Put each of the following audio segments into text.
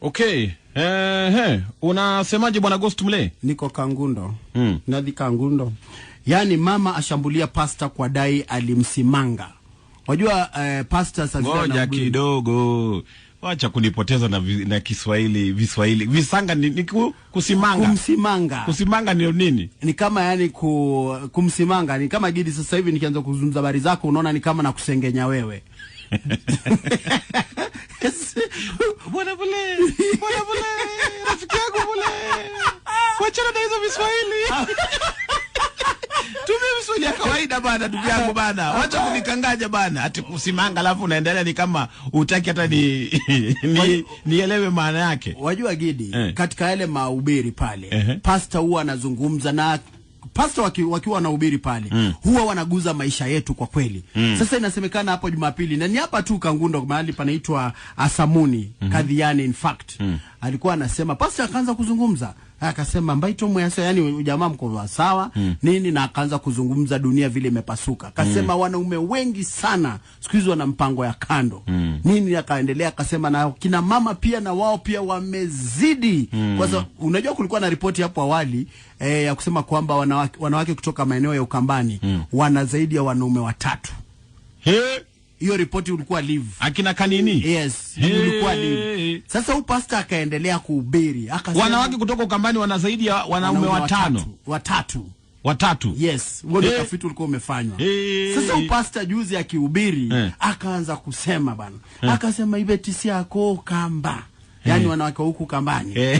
Okay. ehe unasemaje bwana Ghost Mle? Niko Kangundo. Mm. Nadhi Kangundo. Yaani mama ashambulia pasta kwa dai alimsimanga. Wajua eh, pasta sasa Ngoja kidogo. Wacha kunipoteza na, na Kiswahili viswahili visanga ni, ni ku, kusimanga kumsimanga kusimanga ni nini? Ni kama yani ku, kumsimanga ni kama Gidi. Sasa hivi nikianza kuzungumza habari zako, unaona ni kama nakusengenya wewe bwana bule bwana bule rafiki yangu bule wachana na hizo viswahili tumia misuli ya kawaida bana, ndugu yangu bana, wacha kunikanganya bana, ati kusimanga alafu unaendelea ni kama utaki hata ni, ni nielewe maana yake. Wajua Gidi eh, katika yale mahubiri pale eh, pasta huwa anazungumza na pasta waki, wakiwa wanahubiri pale mm. huwa wanaguza maisha yetu kwa kweli mm. Sasa inasemekana hapo Jumapili na ni hapa tu Kangundo mahali panaitwa Asamuni mm -hmm. Kadhiani in fact mm alikuwa anasema, basi akaanza kuzungumza, akasema mbaito mweso, yani ujamaa mko sawa mm. nini, na akaanza kuzungumza dunia vile imepasuka, akasema mm. wanaume wengi sana siku hizi wana mpango ya kando mm. nini, akaendelea akasema, na kina mama pia na wao pia wamezidi mm. kwa sababu unajua kulikuwa na ripoti hapo awali eh, ya kusema kwamba wanawake, wanawake kutoka maeneo ya Ukambani mm. wana zaidi ya wanaume watatu He hiyo ripoti ulikuwa live akina kanini yes hey. ulikuwa live sasa huyu pastor akaendelea kuhubiri akasema wanawake kutoka ukambani wana zaidi ya wanaume watano watatu watatu yes ndio hey. utafiti ulikuwa umefanywa hey. sasa pastor juzi akihubiri hey. akaanza kusema bana hey. akasema tisi yako kamba hey. yani wanawake huku kambani hey.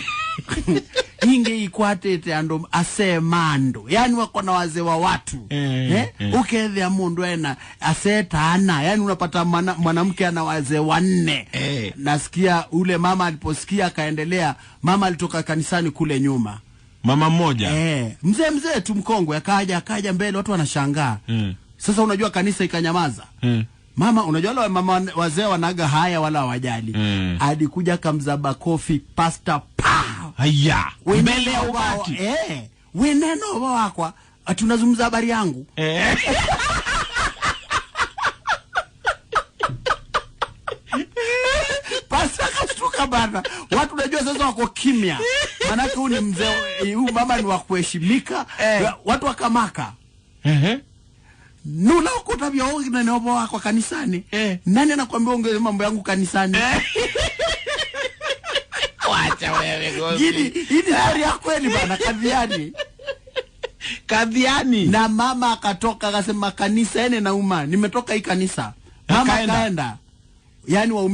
inge ikwatete asemando yani wako na wazee wa watu hey eh? eh. Mm, mm. ukethea mundu ena asetana yani unapata mwanamke ana wazee wanne eh. nasikia ule mama aliposikia akaendelea mama alitoka kanisani kule nyuma mama mmoja eh. mzee mzee tu mkongwe akaja akaja mbele watu wanashangaa eh. sasa unajua kanisa ikanyamaza eh mama unajua wale mama wazee wanaga haya wala hawajali mm. alikuja kamzaba kofi pasta pa haya mbele ya ubao eh wineno ubao wakwa ati unazungumza habari yangu eh. bana watu unajua sasa wako kimya maanake huu ni mzee eh, huu mama ni wa kuheshimika eh. watu wakamaka eh vya ongi na naniobo wako kanisani eh. nani anakwambia ongeze mambo yangu kanisani eh. wacha wewe gosi hii ni hali ya kweli bana kaviani kadhiani na mama akatoka akasema kanisa ene nauma nimetoka hii kanisa mama akaenda yani